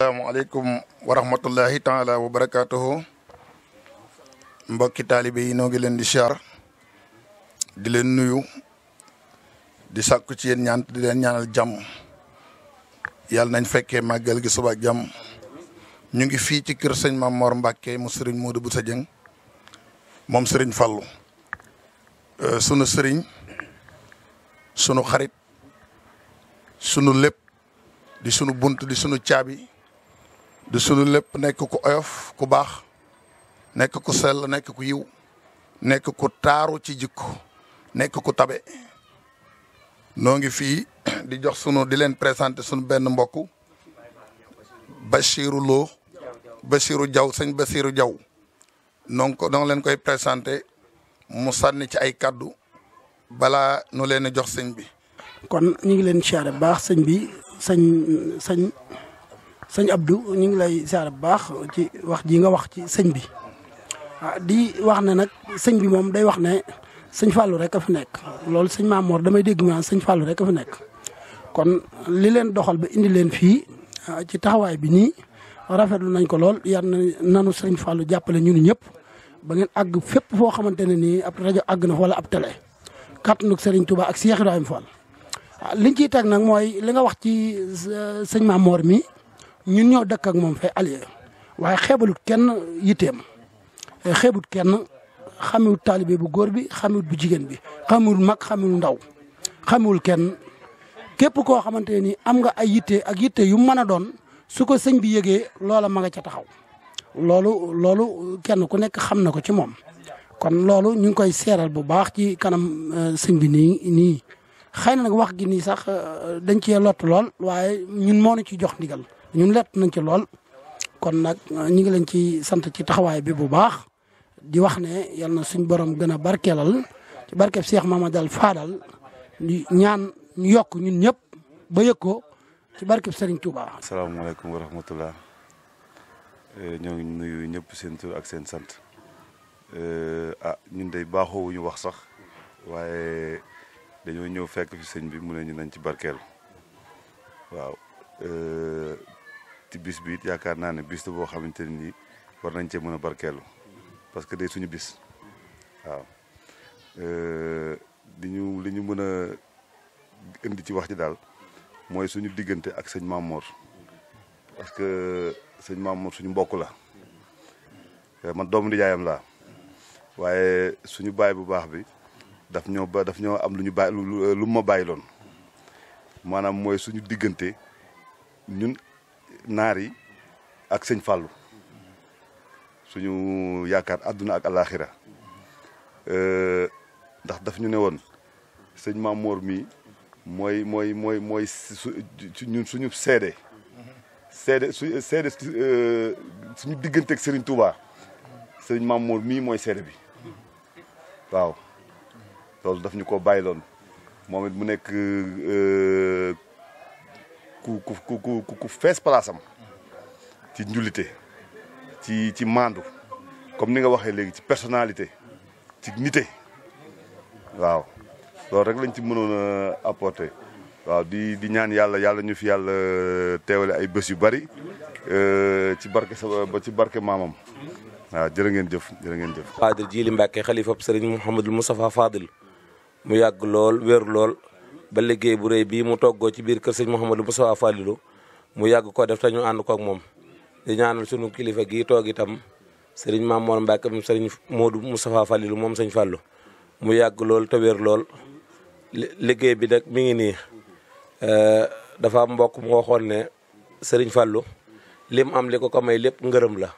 asalaamaaleykum wa rahmatullahi wa barakaatuhu mbokki taalibe yi noo ngi leen di siyaar di leen nuyu di sàkku ci yen ñaan di leen ñaanal jàmm yàlla nañ fekkee màggal gi suba jàmm ñu ngi fii ci kër sëñ Mame Mor Mbacke mu sëriñ Modou Bousso Dieng moom sëriñ Fallou euh, sunu sëriñ sunu xarit sunu lépp di sunu bunt di sunu caabi di sunu lépp nekk ku oyof ku baax nekk ku sell nekk ku yiw nekk ku taaru ci jikko nekk ku tabe noo ngi fii di jox sunu di leen présenté sunu benn mbokk Bachirou Lo Bachirou Diaw sëñ Bachirou Diaw donc ko dong leen koy présenté mu sànni ci ay kaddu balaa nu leen jox sëñ bi kon ñu ngi leen siyaare baax sëñ bi sëñ sëñ sëñ Abdou ñu ngi lay saare bu baax ci wax jii nga wax ci sëñ bi ah, di wax ne nag sëñ bi moom day wax ne sëñ Fallou rek a fi nekk loolu sëñ Maamoor damay dégg mu naan sëñ Fallou rek a fi nekk kon li leen doxal ba indi leen fii ah, ci taxawaay bi nii rafetlu nañ ko lool yar na nanu sëñ Fallou jàppale ñun ñëpp ba ngeen àgg fépp foo xamante ne nii ab rajo àgg na fa wala ab télé kàttanu Serigne Touba ak Cheikh Ibrahima Fall ah, liñ ciy teg nag mooy li nga wax ci eh, sëñ Maamoor mi. ñun ñoo dëkk ak moom fay allié waaye xeebalut kenn yitteem eh, xeebut kenn xamewul taalibe bu góor bi xamewul bu jigéen bi xamewul mag xamewul ndaw xamewul kenn képp koo xamante ni am nga ay yitte ak yitte yu mën a doon su ko sëñ bi yëgee loola ma nga ca taxaw loolu loolu kenn ku nekk xam na ko ci moom kon loolu ñu ngi koy seeral bu baax ci kanam eh, sëñ bi nii nii xëy na nag wax gi nii sax eh, dañ cee lott lool waaye ñun moo ñu ci jox ndigal ñun lett nañ ci lool kon nag ñu ngi leen ci sant ci taxawaay bi bu baax di wax ne yan na suñ borom gën a barkeelal ci barkeb Cheikh Mamadou Fadal ñu ñaan ñu yokk ñun ñëpp ba ko ci barkeb Serigne Touba. asalaamaaleykum wa rahmatullah eh, ñoo ngi nuyu ñëpp seen tur ak seen sant eh, ah ñun day baaxoo ñu wax sax waaye dañoo ñëw fekk fi sëñ bi mu ne ñu nañ ci barkeel waaw. Eh, te bis bi it yaakaar naa ne bis la boo xamante ne nii war nañ cee mën a barkeelu parce que day suñu bis waaw euh, li ñu li ñu mën a indi ci wax ci daal mooy suñu diggante ak sëñ Mamour parce que sëñ Mamour suñu mbokk la euh, man doomu nijaayam laa waaye suñu baay bu baax bi daf ñoo ba daf ñoo am lu ñu bàyyi lu ma bàyyi loon maanaam mooy suñu diggante ñun naar yi ak sëñ Fallou suñu yaakaar àdduna ak alaxira ndax daf ñu ne woon sëñ Mamour mii mooy mooy mooy mooy ñun suñu seede seede su seede suñu digganteeg Serigne Touba sëñ moor mii mooy seede bi waaw loolu daf ñu ko bàyyiloon moom mu nekk. ku ku ku ku fees place ci njullite ci ci maandu comme ni nga waxee léegi ci personnalité ci nite waaw loolu rek lañ ci mënoon a waaw di di ñaan yàlla yàlla ñu fi yàlla euh, teewale ay bés yu bari euh, ci barke sa ba ci barke maamam waaw jërë ngeen jëf jërë ngeen jëf. Fadil Jili Mbacke xalifa Serigne Mouhamadul Moustapha Fadil mu yàgg lool wér lool. ba liggéey bu rëy bii mu toggoo ci biir kër sëñ Mouhamadou Moustapha Fallilou mu yàgg ko def te ñu ànd ko ak moom di ñaanal sunu kilifa gi toog itam sëriñ Maam Mor Mbacke moo sëriñ Modou Moustapha Fallilou moom sëñ Fallou mu yàgg lool te wér lool liggéey bi nag mi ngi nii eh, dafa am mbokk mu waxoon ne sëriñ Fallou lim am li ko ko may lépp ngërëm la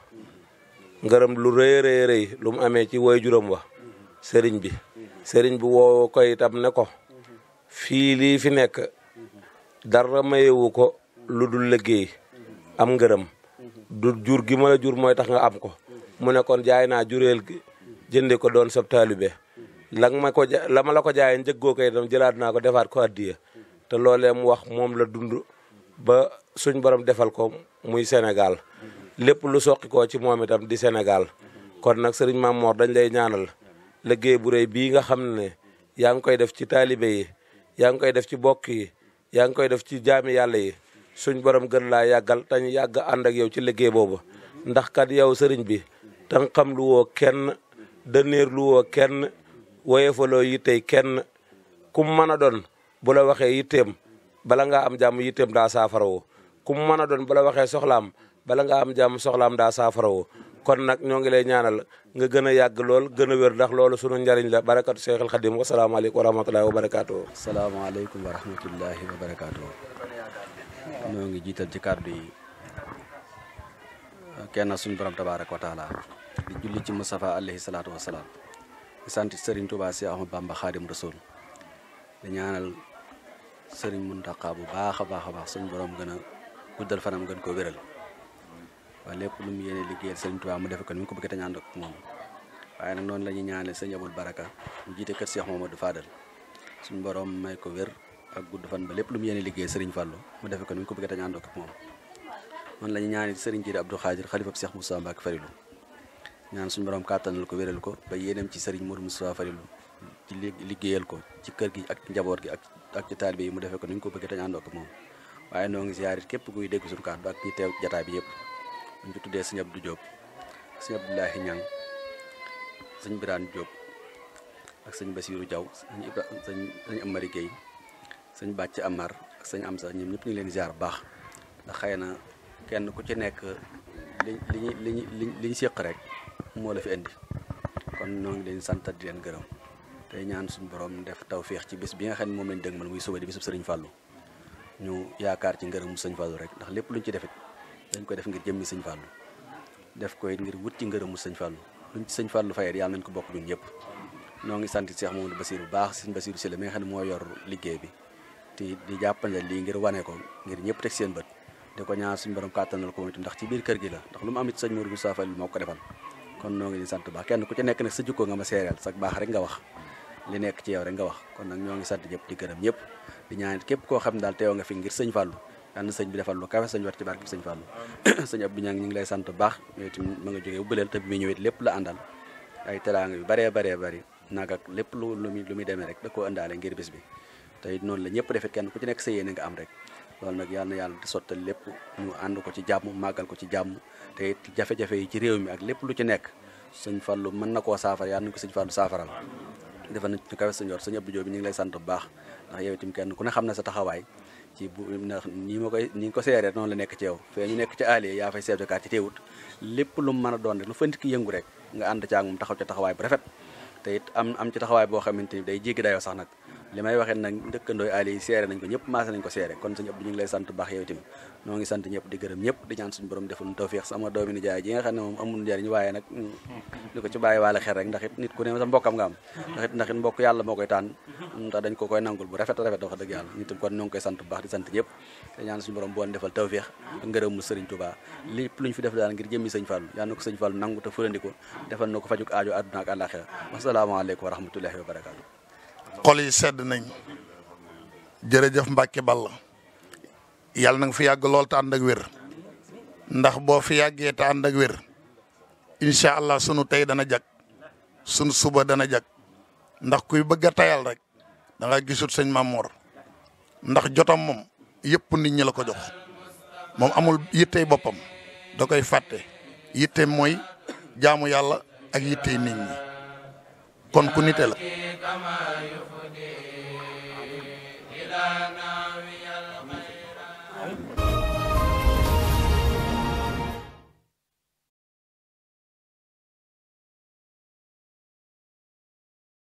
ngërëm lu rëy rëy rëy lu mu amee ci woy juróom wa sëriñ bi sëriñ bi woo ko itam ne ko fii lii fi nekk dara mayewu ko lu dul liggéey am ngërëm du jur gi ma jur mooy tax nga am ko mu nekkoon jaay naa jureel gi jënde ko doon sab taalibe la ma ko ja la ma la ko jaayee njëggoo koy itam jëlaat naa ko defaat ko addiya te loolee mu wax moom la dund ba suñ borom defal ko muy senegal lépp lu soqi koo ci moom itam di senegal kon nag sëriñ Maam Mor dañ lay ñaanal liggéey bu rëy bii nga xam ne yaa ngi koy def ci taalibe yi yaa ngi koy def ci bokk yi yaa ngi koy def ci jaami yàlla yi suñ borom gën laa yàggal tañ yàgg ànd ak yow ci liggéey boobu ndax kat yow sëriñ bi tan xam lu woo kenn dëneer lu woo kenn woyefaloo yittey kenn kum mën a doon bu la waxee yitteem bala ngaa am jàmm yitteem daa saafara woo kum mën a doon bu la waxee soxlaam bala nga am soxla am daa saafarawoo kon nag ñoo ngi lay ñaanal nga gën a yàgg lool gën a wér ndax loolu sunu njariñ la barakatu Seexul Xadim wasalaamaaleykum wa rahmatulahi wa barakaatu. salaamaaleykum wa rahmatulahi wa barakaatu. ñoo ngi jiital ci kàddu yi kenn suñ borom tabaaraka wa taala di julli ci Mustafa alayhi salaatu wa salaam di sant si Ahmad Bamba Xaadim Rasul di ñaanal Serigne Muntaqa bu baax a baax a baax suñu borom gën a guddal fanam gën ko wéral. waaye lépp lu mu yéene liggéeyal sëriñ Tuubaa mu defe ko ni mu ko bëggee te ñaan ak moom waaye nag noonu la ñuy ñaanale sëñ Abul Baraka mu jiite kër Cheikh Mamadou Fadal suñu borom may ko wér ak gudd fan ba lépp lu mu yéene liggéeyal sëriñ Fallou mu defe ko ni mu ko bëggee te ñaan ak moom noonu la ñuy ñaanale sëriñ Jiiri Abdou Khadir xalifa Cheikh Moussa Mbacke Farilou ñaan suñu borom kàttanal ko wéral ko ba yéeneem ci sëriñ Mourou Moussa Farilou ci liggéeyal ko ci kër gi ak njaboot gi ak ak ci taalibe yi mu defee ko ni ñu ko bëggee te ñu ànd ak moom waaye noo ngi ziarit képp kuy dégg suñu kàddu ak ñi teew jataay bi yëpp bu ñu tuddee sëñ Abdou Diop sëñ Abdoulahi Ñang sëñ Birane Diop ak sëñ Basiirou Diaw sëñ Ibra sëñ sëñ Amari Gueye sëñ Amar ak sëñ Amsa ñoom ñëpp ñu ngi leen ziar bu baax ndax xëy na kenn ku ci nekk li liñu liñu li li ñu séq rek moo la fi indi kon ñoo ngi leen santa di leen gërëm tey ñaan suñu borom def tawféex ci bis bi nga xam ne moom lañ dëgmal muy suba di bisub sëriñ Fallou ñu yaakaar ci mu sëñ Fallou rek ndax lépp lu ñu ci defee dañ ko def ngir jëmmi sëñ Fallou def ko it ngir wut ci ngërëmu sëñ Fallou luñ ci sëñ Fallou fayet yàlla nañ ko bokk ñun ñëpp noo ngi sant Cheikh Mamadou Bassirou bu baax sëñ Bassirou Sylla mi nga xam ne moo yor liggéey bi te di jàppale lii ngir wane ko ngir ñëpp teg seen bët di ko ñaan suñu borom kàttanal ko moom itam ndax ci biir kër gi la ndax lu mu am it sëñ saa Moussa Fall moo ko defal kon noo ngi di sant baax kenn ku ci nekk nag sa jikko nga ma seereel sa baax rek nga wax li nekk ci yow rek nga wax kon nag ñoo ngi sant ñëpp di gërëm ñëpp di ñaan képp koo xam daal teew nga fi ngir sëñ Fallou yal na sëñ bi defal lu kawe sëñ wat ci barke bi sëñ Fallou sëñ Abdou Niang ñu ngi lay sant baax yow tamit ma nga jógee bu bëleel bi muy ñëwit lépp la àndal ay teraanga yu baree baree bari nag ak lépp lu lu lu muy demee rek da koo ëndaale ngir bis bi te noonu la ñëpp defit kenn ku ci nekk sa yéene nga am rek loolu nag yal yàlla di sottal lépp ñu ànd ko ci jàmm màggal ko ci jàmm te it jafe yi ci réew mi ak lépp lu ci nekk sëñ Fallou mën na koo saafara yal ko sëñ Fallou saafaral defal na kawe sëñ yor sëñ Abdou Diop bi ñu ngi lay sant bu baax ndax yow itam kenn ku ne xam na sa taxawaay ci bu ndax nii ma koy ni nga ko seeree noonu la nekk ci yow fee ñu nekk ci àll yi yaa fay chef de quartier teewut lu mën a doon rek lu fa nit ki rek nga ànd caag moom taxaw ci taxawaay bu rafet te it am am ci taxawaay boo xamante ni day jéggi dayoo sax nag li may waxee nag ndëkkandooy aali yi seere nañ ko ñëpp maase nañ ko seere kon sëñ Abdou ñu ngi lay sant baax yow tamit noo ngi sant ñëpp di gërëm ñëpp di ñaan suñu borom defal tawfeex sama mm, ko ci bàyyi waale xel mm, ko koy nangul bu rafet rafet sëriñ Tuubaa lépp luñ fi def daal ngir jëmmi sëñ Fallu yàlla na ko sëñ Fallu nangu te furandi ko defal na ko fajuk aajo àdduna ak àllaaxira wasalaamaaleykum wa rahmatullahi wa barakaatu xol yi sedd nañ jërëjëf Mbacke Balla yàlla na nga fi yàgg lool ta ànd ak wér ndax boo fi yàggee te ànd wér incha allah sunu tey dana jag sunu suba dana jag ndax kuy bëgg a tayal rek da nga gisut sëñ Mamor ndax jotam moom yëpp nit ñi la ko jox moom amul yittey boppam da koy fàtte yitte mooy jamu yàlla ak yittey nit ñi. kon ku nite la